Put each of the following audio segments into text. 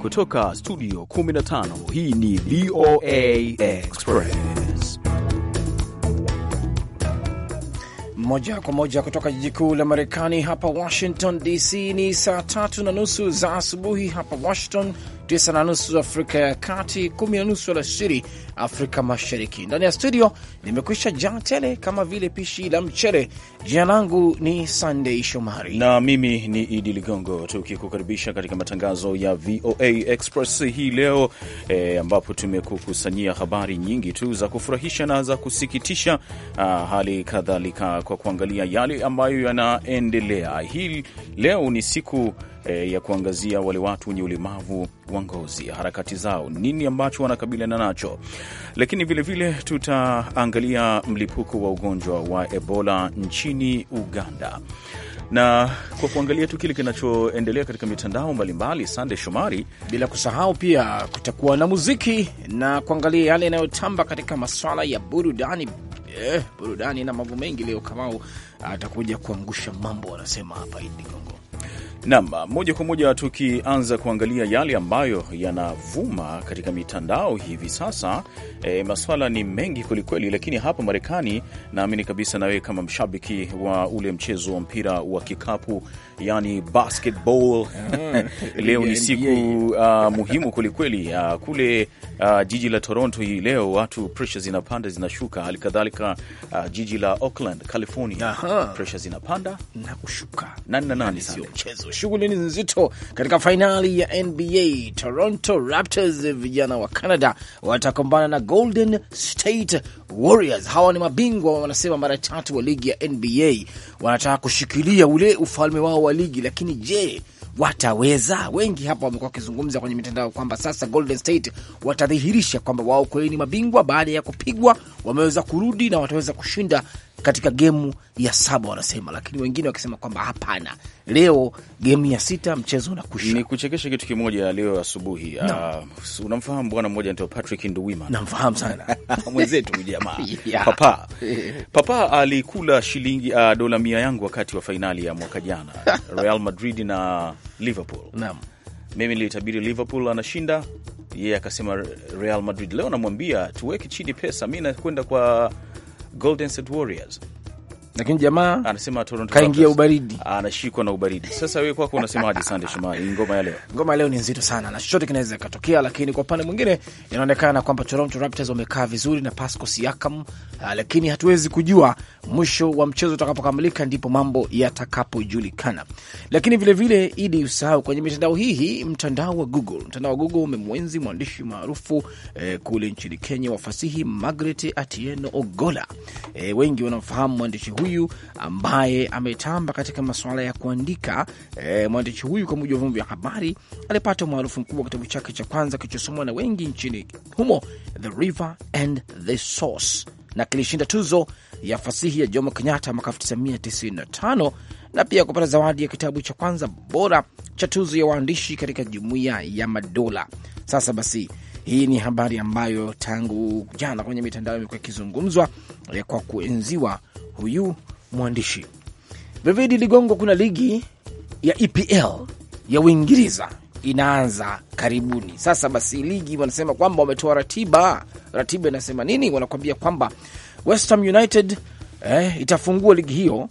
Kutoka studio 15 hii ni VOA Express moja kwa moja kutoka jiji kuu la Marekani hapa Washington DC. Ni saa tatu na nusu za asubuhi hapa Washington tisa na nusu Afrika ya Kati, kumi na nusu alasiri Afrika Mashariki. Ndani ya studio nimekwisha jaa tele kama vile pishi la mchele. Jina langu ni Sandei Shomari na mimi ni Idi Ligongo, tukikukaribisha katika matangazo ya VOA Express hii leo e, ambapo tumekukusanyia habari nyingi tu za kufurahisha na za kusikitisha, a, ah, hali kadhalika kwa kuangalia yale ambayo yanaendelea hii leo. Ni siku e, ya kuangazia wale watu wenye ulemavu wa ngozi, harakati zao, nini ambacho wanakabiliana nacho, lakini vilevile tutaangalia mlipuko wa ugonjwa wa Ebola nchini Uganda na kwa kuangalia tu kile kinachoendelea katika mitandao mbalimbali. Sande Shomari, bila kusahau pia kutakuwa na muziki na kuangalia yale yanayotamba katika maswala ya burudani. Eh, burudani na mambo mengi leo. Kamau atakuja kuangusha mambo, wanasema hapa Nam moja kwa moja tukianza kuangalia yale ambayo yanavuma katika mitandao hivi sasa. E, maswala ni mengi kwelikweli, lakini hapa Marekani naamini kabisa, nawee kama mshabiki wa ule mchezo wa mpira wa kikapu yani basketball leo ni siku uh, muhimu kwelikweli uh, ah, kule uh, jiji la Toronto hii leo watu pressure zinapanda zinashuka, hali kadhalika uh, jiji la Oakland California pressure zinapanda na kushuka, nani na nani, sio mchezo. Shughuli ni nzito katika fainali ya NBA. Toronto Raptors vijana wa Canada watakumbana na Golden State Warriors. Hawa ni mabingwa wanasema mara tatu wa ligi ya NBA, wanataka kushikilia ule ufalme wao wa ligi, lakini je, wataweza? Wengi hapa wamekuwa wakizungumza kwenye mitandao kwamba sasa Golden State watadhihirisha kwamba wao kweli ni mabingwa baada ya kupigwa, wameweza kurudi na wataweza kushinda katika gemu ya saba wanasema, lakini wengine wakisema kwamba hapana, leo gemu ya sita mchezo unakwisha. Ni kuchekesha kitu kimoja leo asubuhi no. Uh, ah, unamfahamu bwana mmoja anaitwa Patrick Nduwima? Namfahamu sana mwenzetu jamaa yeah. Papa Papa alikula shilingi uh, dola mia yangu wakati wa fainali ya mwaka jana Real Madrid na Liverpool no. Mimi nilitabiri Liverpool anashinda yeye, yeah, akasema Real Madrid. Leo namwambia tuweke chini pesa, mi nakwenda kwa Golden State Warriors. lakini jamaa anasema Toronto kaingia ubaridi, anashikwa na ubaridi. Sasa wewe kwako unasemaje, Sande Shomari? Ngoma ya leo, ngoma ya leo ni nzito sana na chochote kinaweza kikatokea, lakini kwa upande mwingine inaonekana kwamba Toronto Raptors wamekaa vizuri na Pascal Siakam, ah, lakini hatuwezi kujua mwisho wa mchezo utakapokamilika, ndipo mambo yatakapojulikana. Lakini vilevile vile, idi usahau kwenye mitandao hii hii, mtandao wa Google, mtandao wa Google umemwenzi mwandishi maarufu eh, kule nchini Kenya wa fasihi Margaret Atieno Ogola. Eh, wengi wanamfahamu mwandishi huyu huyu ambaye ametamba katika masuala ya kuandika. E, mwandishi huyu kwa mujibu wa vyombo vya habari alipata umaarufu mkubwa wa kitabu chake cha kwanza kilichosomwa na wengi nchini humo, The River and the Source, na kilishinda tuzo ya fasihi ya Jomo Kenyatta mwaka 1995 na pia kupata zawadi ya kitabu cha kwanza bora cha tuzo ya waandishi katika Jumuiya ya Madola. Sasa basi hii ni habari ambayo tangu jana kwenye mitandao imekuwa ikizungumzwa eh, kwa kuenziwa huyu mwandishi David Ligongo. Kuna ligi ya EPL ya Uingereza inaanza karibuni. Sasa basi, ligi wanasema kwamba wametoa ratiba. Ratiba inasema nini? Wanakwambia kwamba West Ham United eh, itafungua ligi hiyo,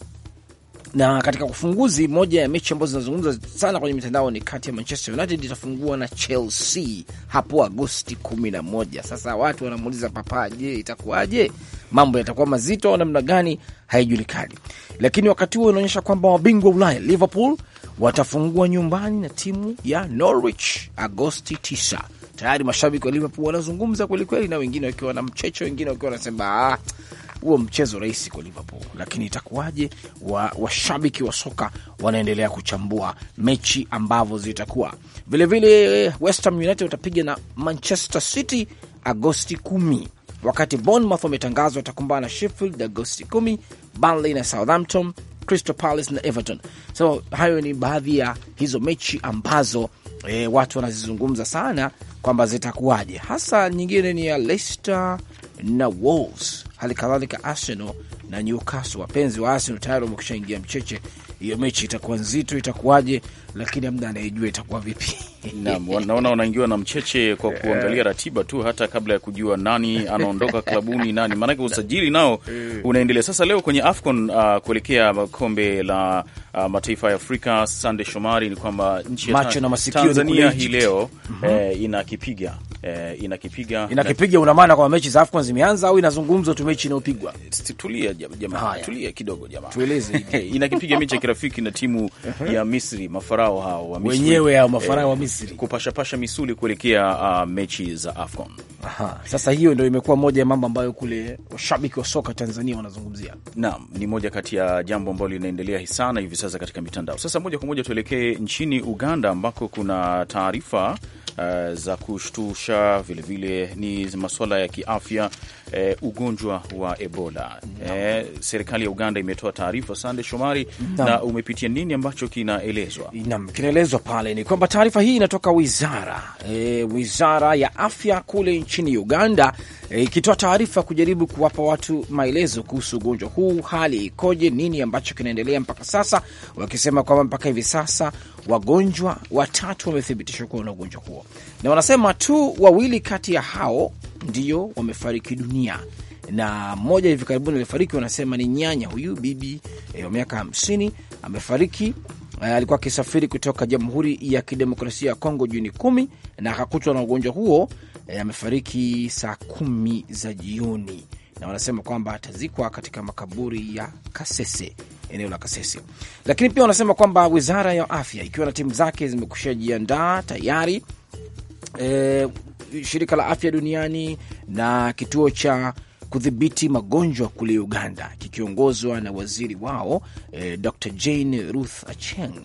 na katika ufunguzi moja ya mechi ambazo zinazungumza sana kwenye mitandao ni kati ya Manchester United itafungua na Chelsea hapo Agosti 11. Sasa watu wanamuuliza Papa, je, itakuwaje? mambo yatakuwa mazito namna gani haijulikani, lakini wakati huo inaonyesha kwamba wabingwa Ulaya Liverpool watafungua nyumbani na timu ya Norwich Agosti 9. Tayari mashabiki wa Liverpool wanazungumza kwelikweli, na wengine wakiwa na mchecho, wengine wakiwa wanasema ah, huo mchezo rahisi kwa Liverpool, lakini itakuwaje? Washabiki wa, wa soka wanaendelea kuchambua mechi ambavyo zitakuwa vilevile. West Ham United watapiga na Manchester City Agosti kumi wakati Bournemouth wametangazwa watakumbana na Sheffield Agosti 10, Burnley na Southampton, Crystal Palace na Everton. So hayo ni baadhi ya hizo mechi ambazo e, watu wanazizungumza sana kwamba zitakuwaje. Hasa nyingine ni ya Leicester na Wolves, hali kadhalika Arsenal na Newcastle. Wapenzi wa Arsenal tayari wamekwisha ingia mcheche hiyo mechi itakuwa nzito, itakuwaje? Lakini amna anayejua itakuwa vipi. Naona wanaingiwa na mcheche kwa eh. kuangalia ratiba tu, hata kabla ya kujua nani anaondoka klabuni nani, maanake usajili nao eh. unaendelea. Sasa leo kwenye AFCON uh, kuelekea kombe la uh, mataifa ya Afrika, Sande Shomari, ni kwamba nchi ya Tanzania hii leo mm -hmm. eh, inakipiga eh, inakipiga inakipiga. Una maana kwamba mechi za AFCON zimeanza au inazungumzwa tu mechi inayopigwa? Tulia jamaa, tulia kidogo jamaa, tueleze inakipiga mechi ya kirafiki na timu ya Misri, mafarao hao wa Misri wenyewe hao eh, mafarao wa Misri eh, kupashapasha misuli kuelekea uh, mechi za AFCON. Aha, sasa hiyo ndio imekuwa moja ya mambo ambayo kule washabiki wa soka Tanzania wanazungumzia. Naam, ni moja kati ya jambo ambalo linaendelea sana hivi sasa katika mitandao. Sasa moja kwa moja tuelekee nchini Uganda ambako kuna taarifa uh, za kushtusha, vilevile ni masuala ya kiafya eh, ugonjwa wa Ebola no. Eh, serikali ya Uganda imetoa taarifa. Sande Shomari na umepitia nini ambacho kinaelezwa? Naam, kinaelezwa pale ni kwamba taarifa hii inatoka wizara e, wizara ya afya kule nchini Uganda ikitoa e, taarifa kujaribu kuwapa watu maelezo kuhusu ugonjwa huu, hali ikoje, nini ambacho kinaendelea mpaka sasa, wakisema kwamba mpaka hivi sasa wagonjwa watatu wamethibitishwa kuwa na ugonjwa huo, na wanasema tu wawili kati ya hao ndio wamefariki dunia, na mmoja hivi karibuni alifariki. Wanasema ni nyanya huyu, bibi eh, wa miaka hamsini amefariki. Eh, alikuwa akisafiri kutoka Jamhuri ya Kidemokrasia ya Kongo Juni kumi na akakutwa na ugonjwa huo. Eh, amefariki saa kumi za jioni, na wanasema kwamba atazikwa katika makaburi ya Kasese eneo la Kasese. Lakini pia wanasema kwamba wizara ya afya ikiwa na timu zake zimekusha jiandaa tayari e, shirika la afya duniani na kituo cha kudhibiti magonjwa kule Uganda kikiongozwa na waziri wao e, Dr Jane Ruth Acheng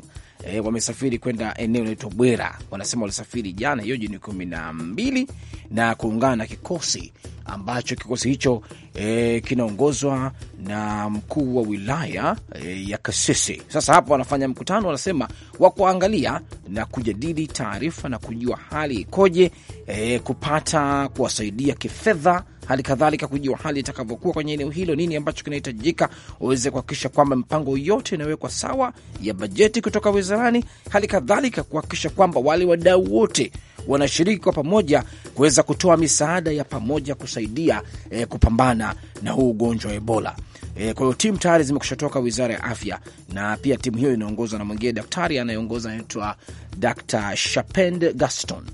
e, wamesafiri kwenda eneo linaitwa Bwera. Wanasema walisafiri jana hiyo Juni kumi na mbili na kuungana na kikosi ambacho kikosi hicho e, kinaongozwa na mkuu wa wilaya e, ya Kasese. Sasa hapo wanafanya mkutano, wanasema wa kuangalia na kujadili taarifa na kujua hali ikoje, e, kupata kuwasaidia kifedha hali kadhalika kujua hali itakavyokuwa kwenye eneo hilo, nini ambacho kinahitajika waweze kuhakikisha kwamba mipango yote inawekwa sawa ya bajeti kutoka wizarani, hali kadhalika kuhakikisha kwamba wale wadau wote wanashiriki kwa pamoja kuweza kutoa misaada ya pamoja kusaidia eh, kupambana na huu ugonjwa wa Ebola. E, kwa hiyo timu tayari zimekushatoka wizara ya afya, na pia timu hiyo inaongozwa na mwingine daktari anayeongoza anaitwa Dr. Shapend Gaston.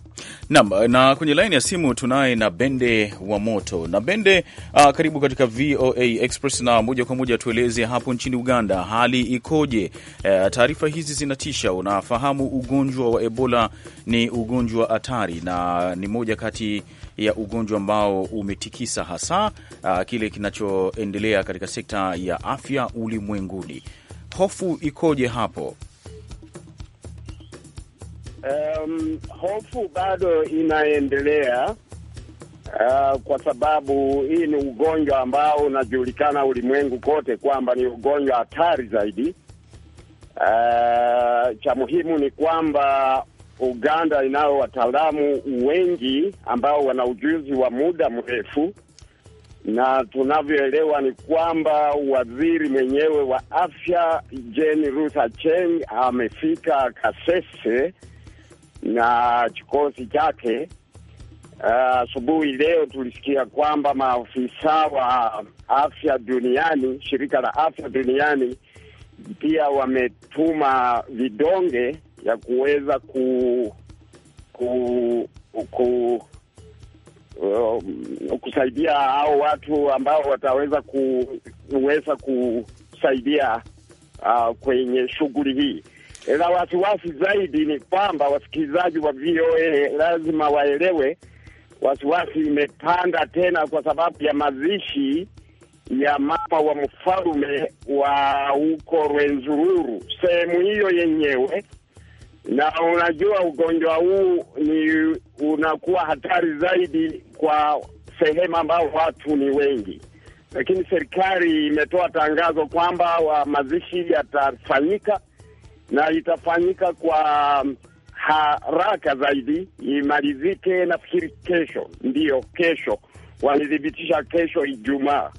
Naam, na kwenye laini ya simu tunaye na Bende wa Moto. Na Bende, uh, karibu katika VOA Express na moja kwa moja tueleze hapo nchini Uganda hali ikoje? Uh, taarifa hizi zinatisha. Unafahamu ugonjwa wa Ebola ni ugonjwa hatari na ni moja kati ya ugonjwa ambao umetikisa hasa uh, kile kinachoendelea katika sekta ya afya ulimwenguni. Hofu ikoje hapo? Um, hofu bado inaendelea uh, kwa sababu hii ni ugonjwa ambao unajulikana ulimwengu kote kwamba ni ugonjwa hatari zaidi. Uh, cha muhimu ni kwamba Uganda inayo wataalamu wengi ambao wana ujuzi wa muda mrefu, na tunavyoelewa ni kwamba waziri mwenyewe wa afya Jane Ruth Acheng amefika Kasese na kikosi chake uh, asubuhi. Uh, leo tulisikia kwamba maafisa wa afya duniani, shirika la afya duniani pia wametuma vidonge ya kuweza ku, ku, ku um, kusaidia hao watu ambao wataweza kuweza kusaidia uh, kwenye shughuli hii. Na wasiwasi zaidi ni kwamba wasikilizaji wa VOA lazima waelewe, wasiwasi imepanda tena kwa sababu ya mazishi ya mama wa mfalume wa huko Rwenzururu, sehemu hiyo yenyewe na unajua ugonjwa huu ni unakuwa hatari zaidi kwa sehemu ambayo watu ni wengi, lakini serikali imetoa tangazo kwamba mazishi yatafanyika na itafanyika kwa um, haraka zaidi, imalizike nafikiri kesho, ndiyo kesho, walithibitisha kesho Ijumaa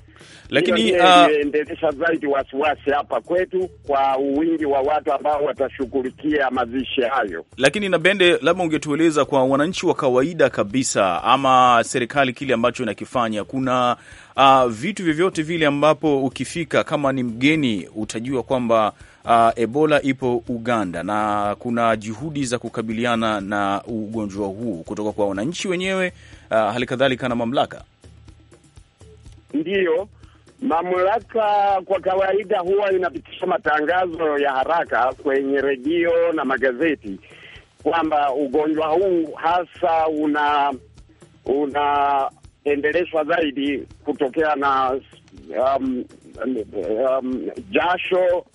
lakini endesha uh, eh, zaidi wasiwasi hapa kwetu kwa uwingi wa watu ambao watashughulikia mazishi hayo. Lakini na Bende, labda ungetueleza kwa wananchi wa kawaida kabisa, ama serikali kile ambacho inakifanya, kuna uh, vitu vyovyote vile ambapo ukifika kama ni mgeni utajua kwamba uh, Ebola ipo Uganda na kuna juhudi za kukabiliana na ugonjwa huu kutoka kwa wananchi wenyewe, uh, hali kadhalika na mamlaka Ndiyo, mamlaka kwa kawaida huwa inapitisha matangazo ya haraka kwenye redio na magazeti kwamba ugonjwa huu hasa una unaendeleshwa zaidi kutokea na um, um, jasho,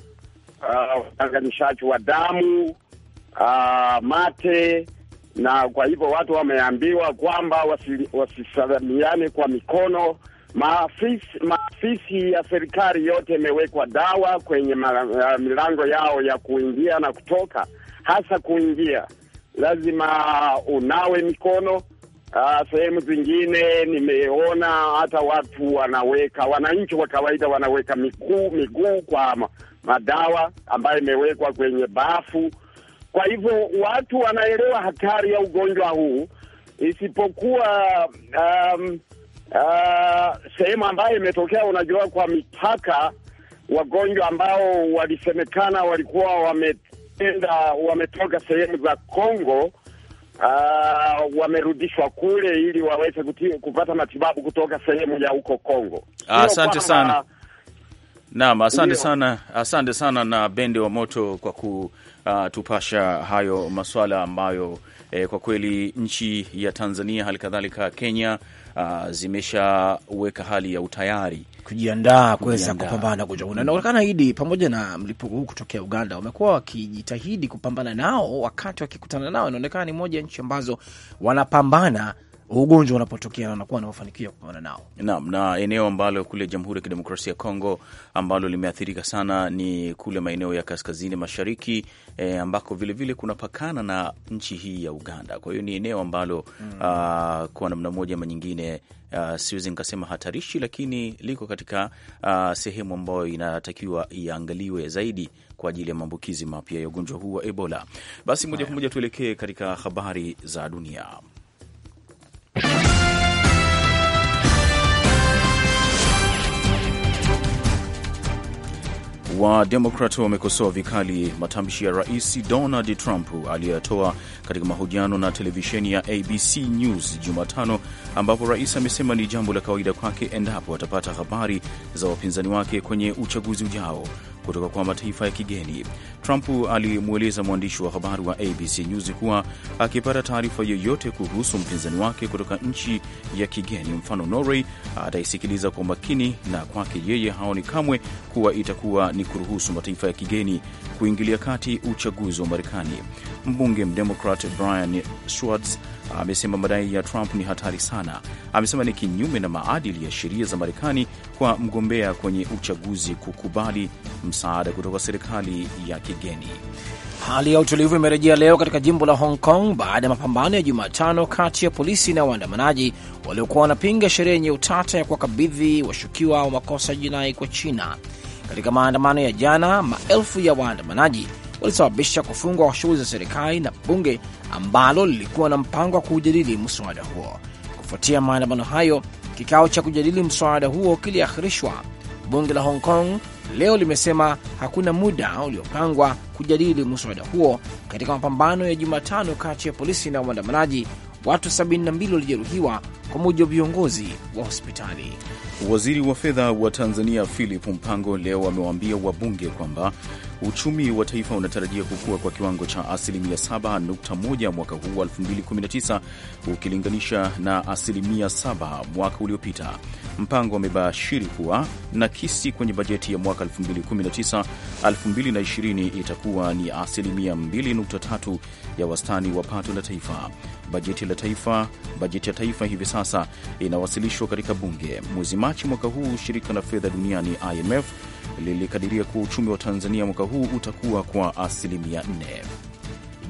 uh, utanganishaji uh, wa damu uh, mate na kwa hivyo watu wameambiwa kwamba wasi, wasisalamiane kwa mikono Maafisi, maafisi ya serikali yote imewekwa dawa kwenye ma, milango yao ya kuingia na kutoka, hasa kuingia lazima unawe mikono. Uh, sehemu zingine nimeona hata watu wanaweka, wananchi wa kawaida wanaweka miguu miguu kwa madawa ambayo imewekwa kwenye bafu. Kwa hivyo watu wanaelewa hatari ya ugonjwa huu, isipokuwa um, uh, sehemu ambayo imetokea, unajua, kwa mipaka, wagonjwa ambao walisemekana walikuwa wametenda wametoka sehemu za Kongo uh, wamerudishwa kule ili waweze kupata matibabu kutoka sehemu ya huko Kongo. Ah, asante ah, sana Naam, asante sana, asante sana na Bende wa Moto kwa kutupasha uh, hayo masuala ambayo eh, kwa kweli nchi ya Tanzania hali kadhalika Kenya uh, zimeshaweka hali ya utayari kujiandaa kuweza kupambana ugonjwa huu. Inaonekana idi pamoja na mlipuko huu kutokea Uganda, wamekuwa wakijitahidi kupambana nao. Wakati wakikutana nao, inaonekana ni moja ya nchi ambazo wanapambana ugonjwa unapotokea na wanakuwa na mafanikio ya kupambana nao. Naam, na eneo ambalo kule Jamhuri ya Kidemokrasia ya Kongo ambalo limeathirika sana ni kule maeneo ya kaskazini mashariki e, ambako vilevile kunapakana na nchi hii ya Uganda. Kwa hiyo ni eneo ambalo mm, uh, kwa namna moja ama nyingine Uh, siwezi nikasema hatarishi, lakini liko katika uh, sehemu ambayo inatakiwa iangaliwe zaidi kwa ajili ya maambukizi mapya ya ugonjwa huu wa Ebola. Basi moja kwa moja tuelekee katika habari za dunia. wa Demokrat wamekosoa vikali matamshi ya Rais Donald Trump aliyoyatoa katika mahojiano na televisheni ya ABC News Jumatano, ambapo rais amesema ni jambo la kawaida kwake endapo atapata habari za wapinzani wake kwenye uchaguzi ujao kutoka kwa mataifa ya kigeni. Trump alimweleza mwandishi wa habari wa ABC News kuwa akipata taarifa yoyote kuhusu mpinzani wake kutoka nchi ya kigeni, mfano Norway, ataisikiliza kwa makini, na kwake yeye haoni kamwe kuwa itakuwa ni kuruhusu mataifa ya kigeni kuingilia kati uchaguzi wa Marekani. Mbunge mdemokrat Brian Schwartz amesema madai ya Trump ni hatari sana. Amesema ni kinyume na maadili ya sheria za Marekani kwa mgombea kwenye uchaguzi kukubali msaada kutoka serikali ya kigeni. Hali ya utulivu imerejea leo katika jimbo la Hong Kong baada ya mapambano ya Jumatano kati ya polisi na waandamanaji waliokuwa wanapinga sheria yenye utata ya kuwakabidhi washukiwa wa makosa jinai kwa China. Katika maandamano ya jana, maelfu ya waandamanaji ulisababisha kufungwa kwa shughuli za serikali na bunge ambalo lilikuwa na mpango wa kujadili mswada huo. Kufuatia maandamano hayo, kikao cha kujadili mswada huo kiliahirishwa. Bunge la Hong Kong leo limesema hakuna muda uliopangwa kujadili mswada huo. Katika mapambano ya Jumatano kati ya polisi na waandamanaji, watu 72 walijeruhiwa kwa mujibu wa viongozi wa hospitali. Waziri wa fedha wa Tanzania Philip Mpango leo amewaambia wabunge kwamba uchumi wa taifa unatarajia kukua kwa kiwango cha asilimia 7.1 mwaka huu wa 2019 ukilinganisha na asilimia 7 mwaka uliopita. Mpango amebashiri kuwa nakisi kwenye bajeti ya mwaka 2019 2020 itakuwa ni asilimia 2.3 ya wastani wa pato la taifa. Bajeti la taifa bajeti ya taifa hivi sasa sasa inawasilishwa katika bunge. Mwezi Machi mwaka huu, shirika la fedha duniani IMF lilikadiria kuwa uchumi wa Tanzania mwaka huu utakuwa kwa asilimia 4.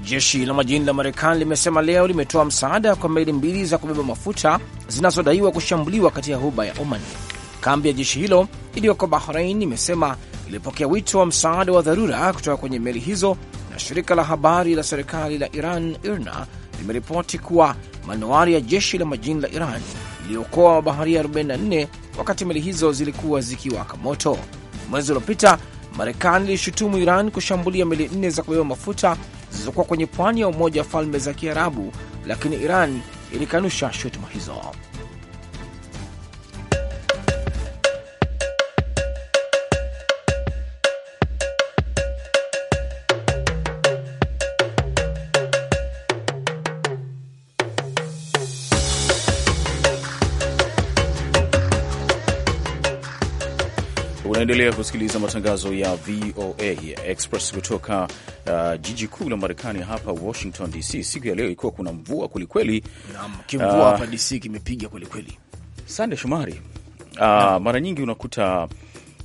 Jeshi la majini la Marekani limesema leo limetoa msaada kwa meli mbili za kubeba mafuta zinazodaiwa kushambuliwa katika huba ya Oman. Kambi ya jeshi hilo iliyoko Bahrain imesema ilipokea wito wa msaada wa dharura kutoka kwenye meli hizo, na shirika la habari la serikali la Iran IRNA limeripoti kuwa manowari ya jeshi la majini la Iran iliokoa mabaharia 44 wakati meli hizo zilikuwa zikiwaka moto. Mwezi uliopita, Marekani ilishutumu Iran kushambulia meli nne za kubeba mafuta zilizokuwa kwenye pwani ya Umoja wa Falme za Kiarabu, lakini Iran ilikanusha shutuma hizo. Unaendelea kusikiliza matangazo ya VOA Express kutoka uh, jiji kuu la Marekani hapa Washington DC. Siku ya leo ikiwa kuna mvua kwelikweli, kimvua uh, hapa DC kimepiga kwelikweli. Sande Shomari, uh, mara nyingi unakuta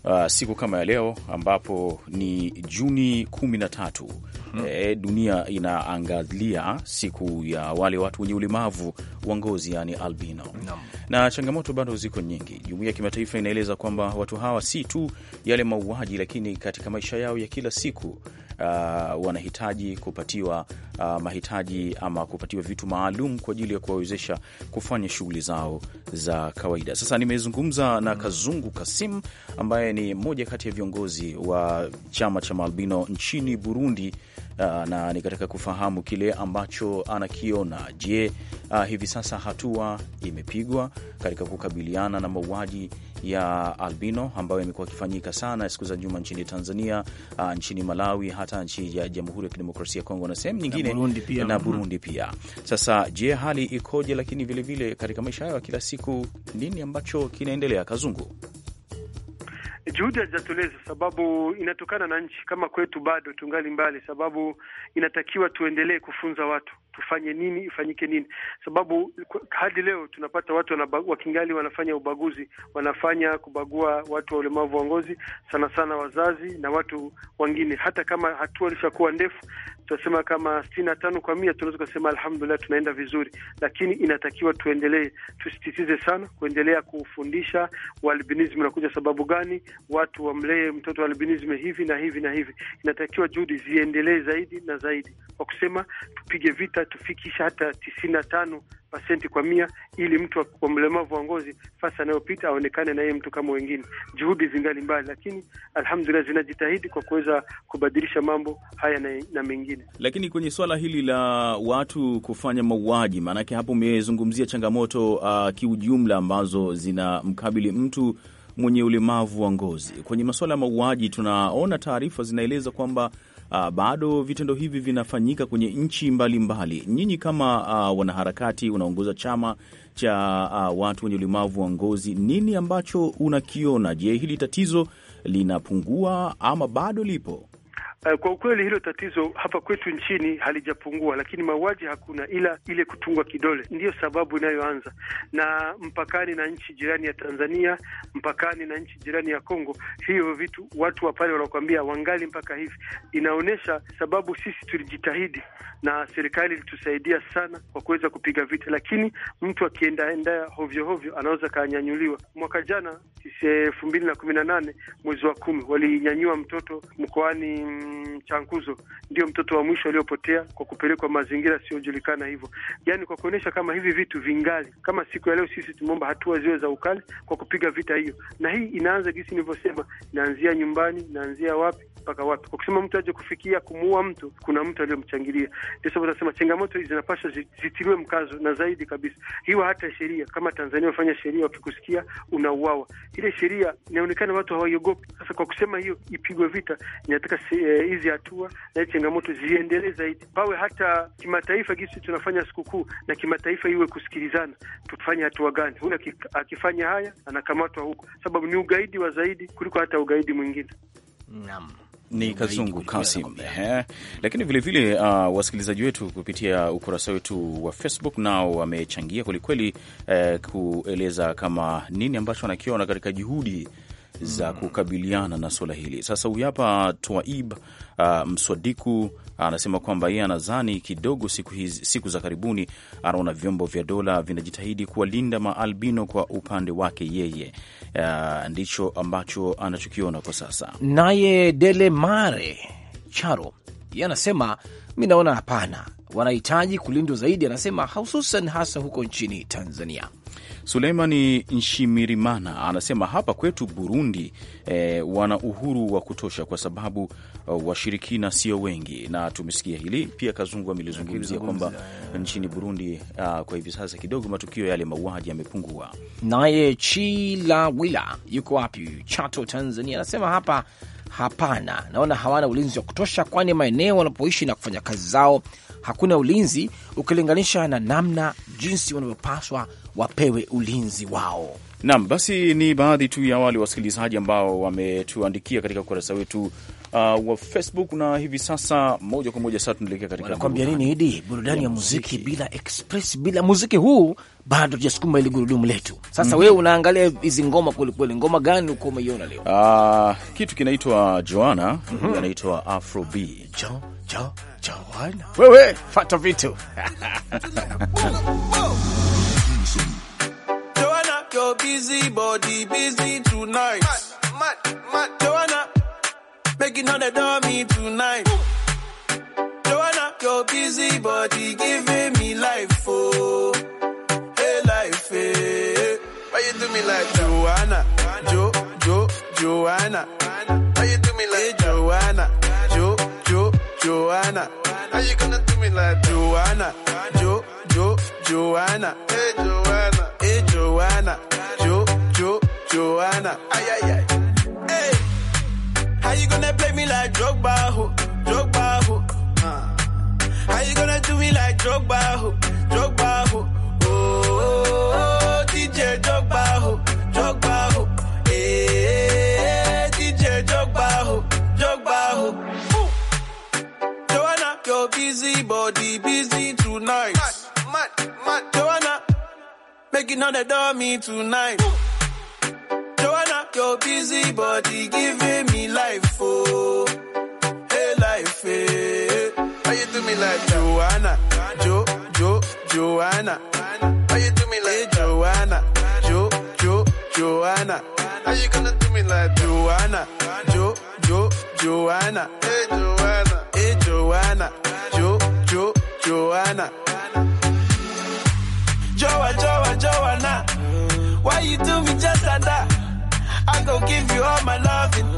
uh, siku kama ya leo ambapo ni Juni kumi na tatu hmm. E, dunia inaangalia siku ya wale watu wenye ulemavu wa ngozi yani albino no. Na changamoto bado ziko nyingi. Jumuiya ya kimataifa inaeleza kwamba watu hawa si tu yale mauaji, lakini katika maisha yao ya kila siku uh, wanahitaji kupatiwa uh, mahitaji ama kupatiwa vitu maalum kwa ajili ya kuwawezesha kufanya shughuli zao za kawaida. Sasa nimezungumza na mm. Kazungu Kasim ambaye ni mmoja kati ya viongozi wa chama cha maalbino nchini Burundi. Uh, na nikataka kufahamu kile ambacho anakiona. Je, uh, hivi sasa hatua imepigwa katika kukabiliana na mauaji ya albino ambayo imekuwa ikifanyika sana siku za juma nchini Tanzania, uh, nchini Malawi, hata nchi ya Jamhuri ya Kidemokrasia ya Kongo na sehemu nyingine na Burundi pia, na Burundi pia. Sasa je, hali ikoje? Lakini vilevile katika maisha hayo ya kila siku, nini ambacho kinaendelea Kazungu? Juhudi hazijatoleza sababu inatokana na nchi kama kwetu, bado tungali mbali, sababu inatakiwa tuendelee kufunza watu tufanye nini, ifanyike nini, sababu hadi leo tunapata watu wakingali wanafanya ubaguzi, wanafanya kubagua watu wa ulemavu wa ngozi, sana sana wazazi na watu wengine, hata kama hatua ilishakuwa ndefu, tunasema kama sitini na tano kwa mia tunaweza kusema alhamdulillah, tunaenda vizuri, lakini inatakiwa tuendelee, tusisitize sana kuendelea kufundisha walbinism unakuja sababu gani, watu wamlee mtoto wa albinism hivi na hivi na hivi. Inatakiwa juhudi ziendelee zaidi na zaidi, kwa kusema tupige vita, tufikisha hata tisini na tano pasenti kwa mia ili mtu wa mlemavu wa ngozi fasi anayopita aonekane na yeye mtu kama wengine. Juhudi zingali mbali, lakini alhamdulillah zinajitahidi kwa kuweza kubadilisha mambo haya na, na mengine mengine. Lakini kwenye swala hili la watu kufanya mauaji, maanake hapo umezungumzia changamoto uh, kiujumla ambazo zinamkabili mtu mwenye ulemavu wa ngozi. Kwenye masuala ya mauaji, tunaona taarifa zinaeleza kwamba uh, bado vitendo hivi vinafanyika kwenye nchi mbalimbali. Nyinyi kama uh, wanaharakati, unaongoza chama cha uh, watu wenye ulemavu wa ngozi, nini ambacho unakiona? Je, hili tatizo linapungua ama bado lipo? Eh, kwa ukweli hilo tatizo hapa kwetu nchini halijapungua, lakini mauaji hakuna, ila ile kutungwa kidole ndiyo sababu inayoanza. Na mpakani na nchi jirani ya Tanzania, mpakani na nchi jirani ya Kongo, hiyo vitu watu wa pale wanakuambia wangali mpaka hivi, inaonyesha sababu sisi tulijitahidi na serikali ilitusaidia sana kwa kuweza kupiga vita, lakini mtu akiendaendaa hovyo hovyo anaweza akanyanyuliwa. Mwaka jana elfu mbili na kumi na nane mwezi wa kumi walinyanyua mtoto mkoani Chankuzo ndio mtoto wa mwisho aliyopotea kwa kupelekwa mazingira asiyojulikana hivyo, yaani kwa kuonyesha kama hivi vitu vingali. Kama siku ya leo sisi tumeomba hatua ziwe za ukali kwa kupiga vita hiyo, na hii inaanza jinsi nilivyosema, inaanzia nyumbani, inaanzia wapi mpaka wapi. Kwa kusema mtu aje kufikia kumuua mtu, kuna mtu aliyomchangilia. Ndio sababu tunasema changamoto hizi zinapaswa zitiliwe mkazo, na zaidi kabisa hiwa hata sheria kama Tanzania wafanya sheria, wakikusikia unauawa, ile sheria inaonekana watu hawaiogopi. Sasa kwa kusema hiyo ipigwe vita, inataka e, Eh, hizi e, hatua na hii changamoto ziendelee zaidi, pawe hata kimataifa, gisi tunafanya sikukuu na kimataifa iwe kusikilizana, tufanye hatua gani, huyu akifanya haya anakamatwa huko, sababu ni ugaidi wa zaidi kuliko hata ugaidi mwingine. Naam ni Kazungu Kasim, lakini vilevile uh, wasikilizaji wetu kupitia ukurasa wetu wa Facebook nao wamechangia kwelikweli, uh, kueleza kama nini ambacho wanakiona katika juhudi za hmm. kukabiliana na suala hili. Sasa huyu hapa Twaib uh, Mswadiku anasema kwamba yeye anadhani kidogo siku, hizi, siku za karibuni anaona vyombo vya dola vinajitahidi kuwalinda maalbino kwa upande wake yeye. Uh, ndicho ambacho anachokiona kwa sasa. Naye Dele Mare Charo yeye anasema mi naona hapana, wanahitaji kulindwa zaidi, anasema hususan hasa huko nchini Tanzania. Suleimani Nshimirimana anasema hapa kwetu Burundi e, wana uhuru wa kutosha kwa sababu uh, washirikina sio wengi, na tumesikia hili pia. Kazungu amelizungumzia kwamba nchini Burundi uh, kwa hivi sasa kidogo matukio yale mauaji yamepungua. Naye wila yuko wapi? Chato, Tanzania, anasema hapa hapana, naona hawana ulinzi wa kutosha, kwani maeneo wanapoishi na kufanya kazi zao hakuna ulinzi ukilinganisha na namna jinsi wanavyopaswa wapewe ulinzi wao. Naam, basi ni baadhi tu ya wale wasikilizaji ambao wametuandikia katika ukurasa wetu uh, wa Facebook, na hivi sasa moja kwa moja sasa tunaelekea katika wanakwambia nini, hidi burudani ya muziki, muziki bila express, bila muziki huu bado tujasukuma ili gurudumu letu. Sasa mm, -hmm. wewe unaangalia hizi ngoma kwelikweli, ngoma gani uko umeiona leo? Uh, kitu kinaitwa Joana, mm -hmm, anaitwa Afrobi jo, jo, Joana, wewe fata vitu busy body, busy tonight. Mad, mad, mad. Joanna, making all the dummy tonight. Ooh. Joanna, your busy body giving me life, oh, hey life, hey. Eh. Why you do me like Joanna, Jo, Jo, Joanna? Why you do me like hey, Joanna, Jo, Jo, Joanna? How you gonna do me like Joanna, Jo, Jo, Joanna? Hey Joanna, hey Joanna. Joanna. Ay, ay, ay. Hey, how you gonna play me like Drogba, ho? Drogba, ho? Uh. How you gonna do me like Drogba, ho? Drogba, ho? Oh, DJ Drogba, ho? Hey, DJ Drogba, ho? Drogba, eh, your busy body busy tonight. Mad, mad, mad. Joanna, making all the dummy tonight. Ooh. Your busy body giving me life, oh. Hey, life, hey. Eh. How you do me like Joanna? Jo, Jo, Joanna. How you do me like hey, Joanna? Jo, Jo, Joanna. How you gonna do me like Joanna? Jo, Jo, Joanna. Hey, Joanna. Hey, Joanna. Jo, Jo, Joanna. Joa, Joa, Joanna. Why you do me just like that? go give you all my loving.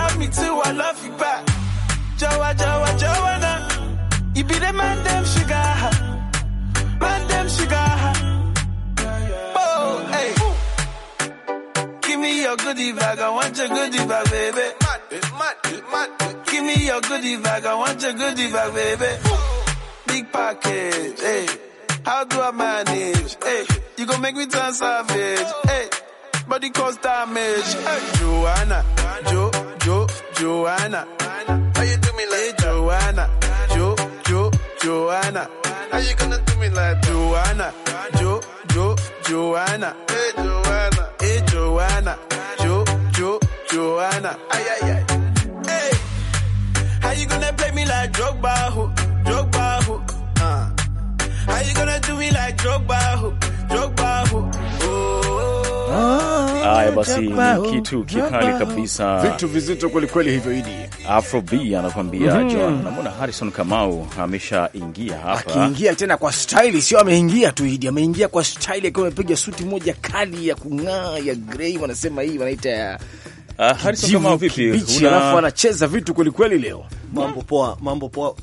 Love me too, I love you back. Joa, Joa, Joanna. You be the man, damn sugar. Man, damn sugar. Oh, hey. Give me your goodie bag, I want your goodie bag, baby. Give me your goodie bag, I want your goodie bag, baby. Big package, hey. How do I manage? Hey, you gon' make me turn savage, hey. Body cause damage. Hey. Joanna, Jo, Jo, Joanna. How you do me like hey, Joanna? Jo, Jo, Joanna. How you gonna do me like Joanna? Jo, Jo, Joanna. Hey, Joanna. Hey, Joanna. Jo, Jo, Joanna. Ay, ay, ay. Hey. How you gonna play me like Drogba, ho? Haya basi, ni kitu kikali kabisa, vitu vizito kwelikweli hivyo. Idi Afrob anakuambia mm -hmm. Joan, namwona Harrison Kamau ameshaingia hapa, akiingia tena kwa style, sio ameingia tu Idi, ameingia kwa style akiwa amepiga suti moja kali ya kung'aa ya grey, wanasema hii wanaita ya ah, Harrison Kamau vipi, alafu anacheza vitu kwelikweli leo. Mambo poa, mambo poa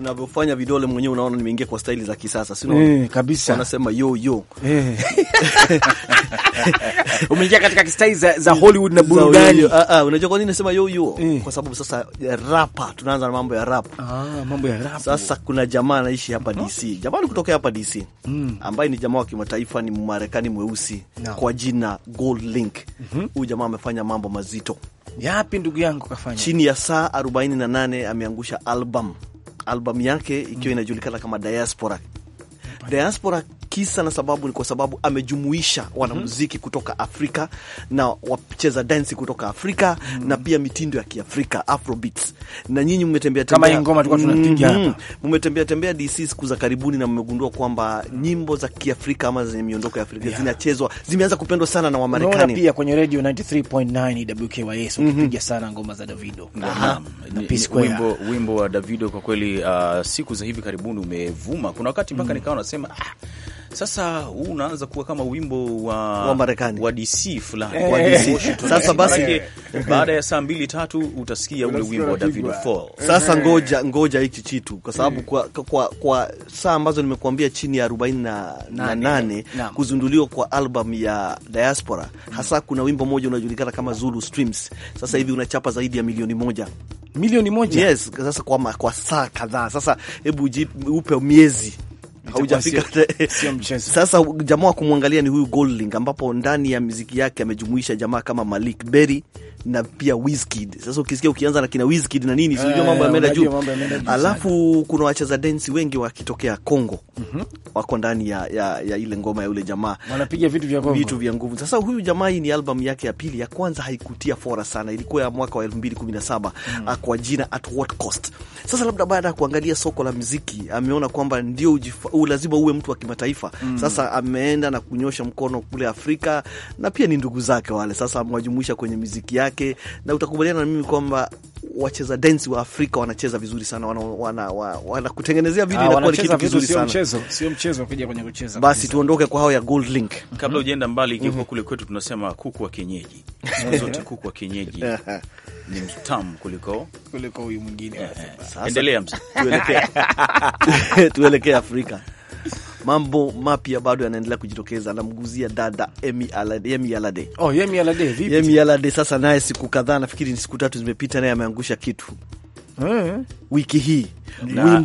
unavyofanya vidole mwenyewe unaona nimeingia kwa staili za kisasa, si unaona eh, kabisa, wanasema yo yo, eh. umeingia katika kistaili za, za Hollywood na burudani. Ah, ah, unajua kwa nini nasema yo yo? Eh. Kwa sababu sasa rapa, tunaanza na mambo ya rap. Ah, mambo ya rap. Sasa kuna jamaa anaishi hapa DC, jamaa ni kutoka hapa DC, Mm. ambaye ni jamaa wa kimataifa, ni Marekani mweusi no. kwa jina Gold Link. Mhm. Huyu jamaa amefanya mambo mazito. Yapi ndugu yangu kafanya? Chini ya saa 48 ameangusha album albamu yake ikiwa inajulikana kama Diaspora. Diaspora kisa na sababu ni kwa sababu amejumuisha wanamuziki mm -hmm. kutoka Afrika na wacheza dansi kutoka Afrika mm -hmm. na pia mitindo ya Kiafrika afrobeats, na nyinyi mmetembea tembea kama ngoma tulikuwa tunapiga mm -hmm. mmetembea tembea DC siku za karibuni, na mmegundua kwamba nyimbo za Kiafrika ama zenye miondoko ya Afrika yeah. zinachezwa zimeanza kupendwa sana na Wamarekani. Pia kwenye radio 93.9 WKYS mm ukipiga sana ngoma za Davido na Peace wimbo wimbo wa Davido kwa kweli, uh, siku za hivi karibuni umevuma. Kuna wakati mpaka mm -hmm. nikawa nasema ah, sasa huu unaanza kuwa kama wimbo wa wa Marekani wa DC fulani eh, wa DC. Sasa basi baada ya saa mbili tatu utasikia ule wimbo wa David Fall. Sasa ngoja ngoja hiki chitu kwa sababu eh. kwa, kwa, kwa saa ambazo nimekuambia chini ya 48 na kuzunduliwa kwa album ya Diaspora hasa kuna wimbo mmoja unaojulikana kama Zulu Streams. Sasa hivi unachapa zaidi ya milioni moja milioni moja. Yes, sasa kwa, kwa saa kadhaa sasa, hebu upe miezi haujafika sasa. Jamaa wa kumwangalia ni huyu golding ambapo ndani ya miziki yake amejumuisha jamaa kama Malik Berry na pia Wizkid. Sasa ukisikia ukianza na kina Wizkid na nini, sio eh, mambo yameenda juu. Alafu kuna wacheza dance wengi wakitokea Kongo mm -hmm. wako ndani ya, ya, ya ile ngoma ya ule jamaa wanapiga vitu vya Kongo, vitu vya nguvu. Sasa huyu jamaa, hii ni album yake ya pili. Ya kwanza haikutia fora sana, ilikuwa ya mwaka wa 2017 mm -hmm. kwa jina At What Cost. Sasa labda baada ya kuangalia soko la muziki ameona kwamba ndio lazima uwe mtu wa kimataifa mm -hmm. Sasa ameenda na kunyosha mkono kule Afrika na pia ni ndugu zake wale, sasa amewajumuisha kwenye muziki yake yake, na utakubaliana na mimi kwamba wacheza densi wa Afrika wanacheza vizuri sana, wanakutengenezea wana, wana, wana vili ah, inakuwa ni kitu kizuri sana. Mchezo sio mchezo, kuja kwenye kucheza basi. Tuondoke kwa hao ya Gold Link kabla ujaenda mhm. hujaenda -hmm. mbali mm -hmm. kule kwetu tunasema kuku wa kienyeji siku zote kuku wa kienyeji ni mtamu kuliko kuliko huyu mwingine. Eh, eh. Sasa Endelea mzee, tuelekea tuelekea Afrika mambo mapya bado yanaendelea kujitokeza. Anamguzia dada Yemi Alade, Oh, Yemi Alade vipi? Yemi Alade sasa naye siku kadhaa, nafikiri ni siku tatu zimepita, naye ameangusha kitu He. Eh. Wiki hii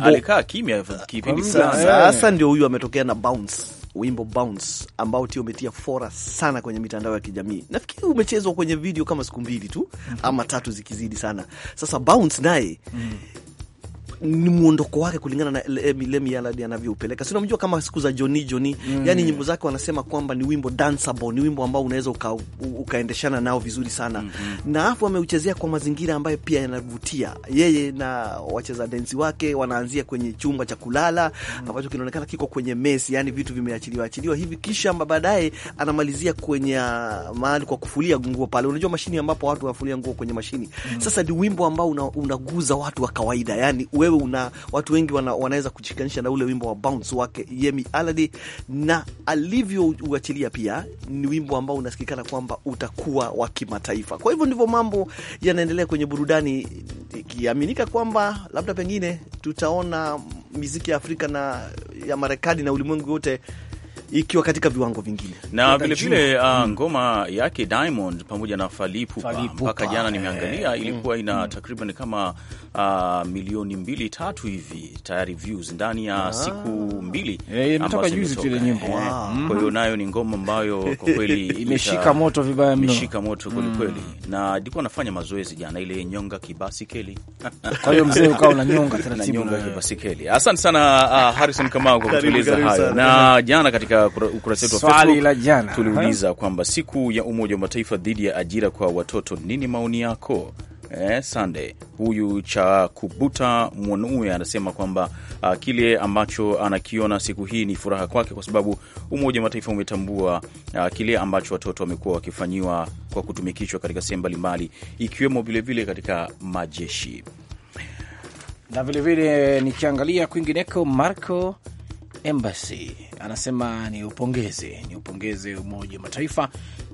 alikaa kimya kipindi sana. Eh. Sasa ndio huyu ametokea na bounce, wimbo bounce ambao tio umetia fora sana kwenye mitandao ya kijamii. Nafikiri umechezwa kwenye video kama siku mbili tu ama tatu zikizidi sana. Sasa bounce naye mm ni muondoko wake kulingana na Lemi Alade anavyoupeleka. Si unamjua kama siku za Joni Joni, mm. yani nyimbo zake wanasema kwamba ni wimbo danceable, ni wimbo ambao unaweza uka, ukaendeshana nao vizuri sana mm -hmm. na afu ameuchezea kwa mazingira ambayo pia yanavutia. Yeye na wacheza densi wake wanaanzia kwenye chumba cha kulala mm. ambacho kinaonekana kiko kwenye mesi, yani vitu vimeachiliwa achiliwa hivi, kisha baadaye anamalizia kwenye uh, mahali kwa kufulia nguo pale, unajua mashini ambapo watu wanafulia nguo kwenye mashini mm. Sasa ni wimbo ambao unaguza una watu wa kawaida, yani wewe wewe una watu wengi wana, wanaweza kujikanisha na ule wimbo wa bounce wake Yemi Alade na alivyouachilia pia ni wimbo ambao unasikikana kwamba utakuwa wa kimataifa. Kwa hivyo ndivyo mambo yanaendelea kwenye burudani, ikiaminika kwamba labda pengine tutaona miziki ya Afrika na ya Marekani na ulimwengu wote ikiwa katika viwango vingine na vilevile uh, ah, hmm. ngoma yake Diamond pamoja na Falipupa, mpaka jana nimeangalia eh, ilikuwa hmm. ina mm, takriban kama uh, milioni mbili tatu hivi tayari views ndani ya ah, siku mbili eh, imetoka juzi nyimbo. Eh, ah. hmm. Kwa hiyo nayo ni ngoma ambayo kwa kweli imeshika moto vibaya mno, imeshika moto kwelikweli mm, na ilikuwa nafanya mazoezi jana ile nyonga kibasikeli kwa hiyo mzee ukawa unanyonga taratibu na nyonga kibasikeli. Asante sana uh, Harrison Kamau kwa kutueleza hayo na jana katika ukurasa wetu wa Facebook tuliuliza kwamba siku ya Umoja wa Mataifa dhidi ya ajira kwa watoto, nini maoni yako? Eh, Sande huyu cha kubuta mwanaume anasema kwamba uh, kile ambacho anakiona siku hii ni furaha kwake kwa sababu Umoja wa Mataifa umetambua uh, kile ambacho watoto wamekuwa wakifanyiwa kwa kutumikishwa katika sehemu mbalimbali ikiwemo vilevile katika majeshi na vilevile nikiangalia kwingineko, Marco Embassy anasema ni upongeze, ni upongeze Umoja wa Mataifa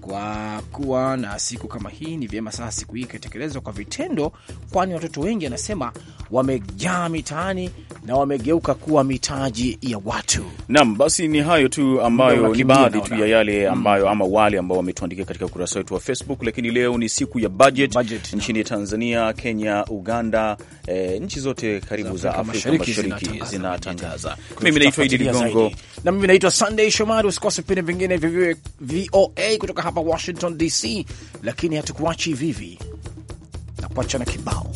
kwa kuwa na siku kama hii, ni vyema sasa siku hii ikatekelezwa kwa vitendo, kwani watoto wengi anasema wamejaa mitaani na wamegeuka kuwa mitaji ya watu. Naam, basi ni hayo tu ambayo ni baadhi tu ya yale mm. ambayo mm, ama wale ambao wametuandikia katika ukurasa wetu wa Facebook. Lakini leo ni siku ya budget, budget nchini Tanzania, Kenya, Uganda, e, nchi zote karibu za Afrika Mashariki zinatangaza. Mimi naitwa Idi Ligongo na mimi naitwa Sunday Shomari. Usikose vipindi vingine vya VOA kutoka hapa hapa Washington DC, lakini hatukuachi vivi hivi na kibao